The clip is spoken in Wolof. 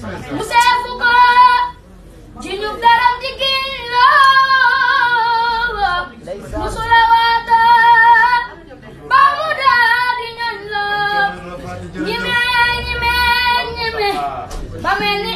mu seefu ko ci ñu daram di gilloo mu sulawaata ba mu daal di ñan loo ñimee ñimee ñimee ba mel ni